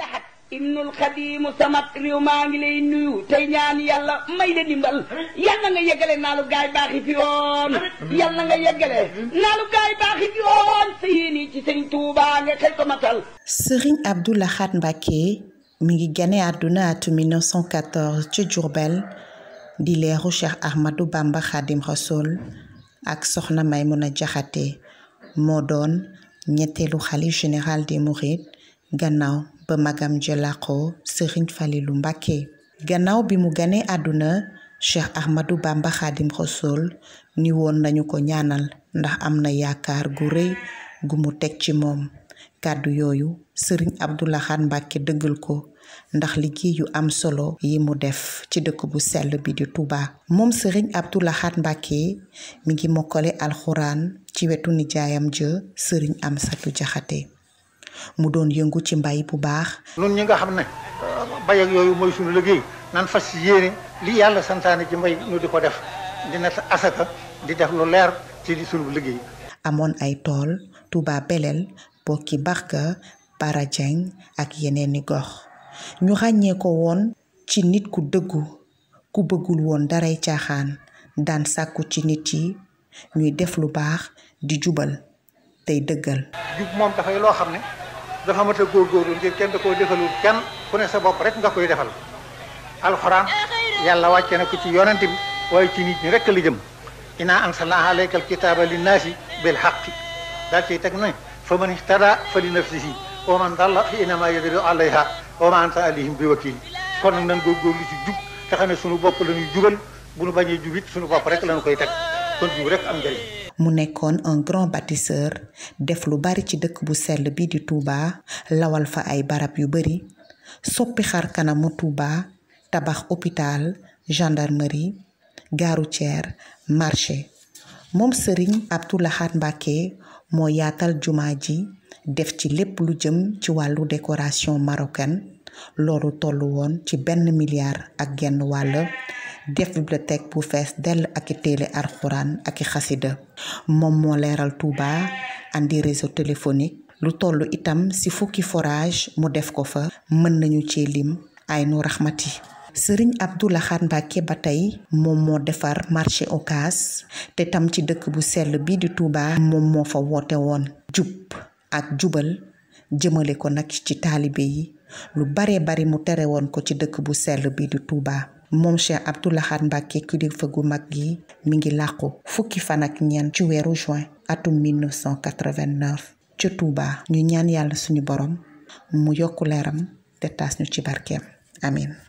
lahat ibnul xadiimu samat réew maa ngi lay nuyu tey ñaan yàlla may la dimbal yàlla nga yeggale naalu gaay baax gaay baax yi fi ci sëriñ Tuubaa nga xëy ko sëriñ Abdou Lahad Mbacké mi ngi gane àdduna atu ci Diourbel di leeru Cheikh Ahmadou Bamba Khadim Rasoul ak soxna Maymuna Jaxate moo doon ñetteelu xalif général des Mourides gannaaw ba magam ja làqoo sëriñ Falilu Mbàkke gannaaw bi mu ganee àdduna Cheikh Ahmadou Bamba Xaadim Rasuul ni woon nañu ko ñaanal ndax am na yaakaar gu rëy gu mu teg ci moom kàddu yooyu sëriñ Abdou Lahad Mbàkke dëggal ko ndax liggéey yu am solo yi mu def ci dëkk bu sell bi di Touba. moom sëriñ Abdou Lahad Mbàkke mi ngi mokkale alxuraan ci wetu nijaayam jë sëriñ am Amsatu Jaxate mu doon yëngu ci mbay bu baax. ñun ñi nga xam ne euh, bay ak yooyu mooy suñu liggéey nan fas yéene li yàlla santaane ci mbay ñu di ko def di asaka di def lu leer ci suñu liggéey. amoon ay tool tubaab Belel Boki Barka Bara Dieng ak yeneen gox ñu ràññee ko woon ci nit ku dëggu ku bëggul woon daray caaxaan daan sàkku ci nit yi ñuy def lu baax di jubal tey dëggal. jub moom dafay loo xam ne. dafa mat a góorgóorlu ngir kenn da koo defalul kenn ku ne sa bopp rek nga koy defal alxuraan yàlla wàcce na ko ci yonent bi waaye ci nit ñi rek la jëm inaa anzalnaa alayka alkitaaba linnaasi bil haqqi daal ciy teg na fa man ihtada fa li nafsihi wa man dalla fi innamaa yadillu alayha wa maa anta alayhim bi wakiil kon nag nan góorgóorlu ci jub te xam ne sunu bopp la ñuy jubal bu nu bañee jubit sunu bopp rek la koy teg kon jub rek am njëriñ mu nekkoon un grand bâtisseur def lu bari ci dëkk bu sell bi di Touba lawal fa ay barab yu bari soppi xar kanamu Touba tabax hôpital gendarmerie gare routière marché moom sëriñ Abdou Lahad Mbacké moo yaatal jumaa ji def ci lépp lu jëm ci wàllu décoration marocaine loolu tollu woon ci benn milliard ak genn wàll def bibliothèque bu fees dell ak i téele alxuraan ak i xasida moom moo leeral Touba andi réseau téléphonique lu tollu itam ci fukki forage mu def ko fa mën nañu ci lim ay nu raxmati sëriñ Abdou Lahad Mbacké ba tey moom moo defar marché Ocass te tam ci dëkk bu sell bi di Touba moom moo fa woote woon jub ak jubal jëmale ko nag ci taalibe yi lu bare bari mu tere woon ko ci dëkk bu sell bi di Touba moom Cheikh Abdou Lahad Mbacké kilifa gu mag gi mi ngi làqu fukki fan ak ñeent ci weeru juin atum 1989 ca Touba. ñu ñaan yàlla suñu borom mu yokku leeram te taas ñu ci barkeem amin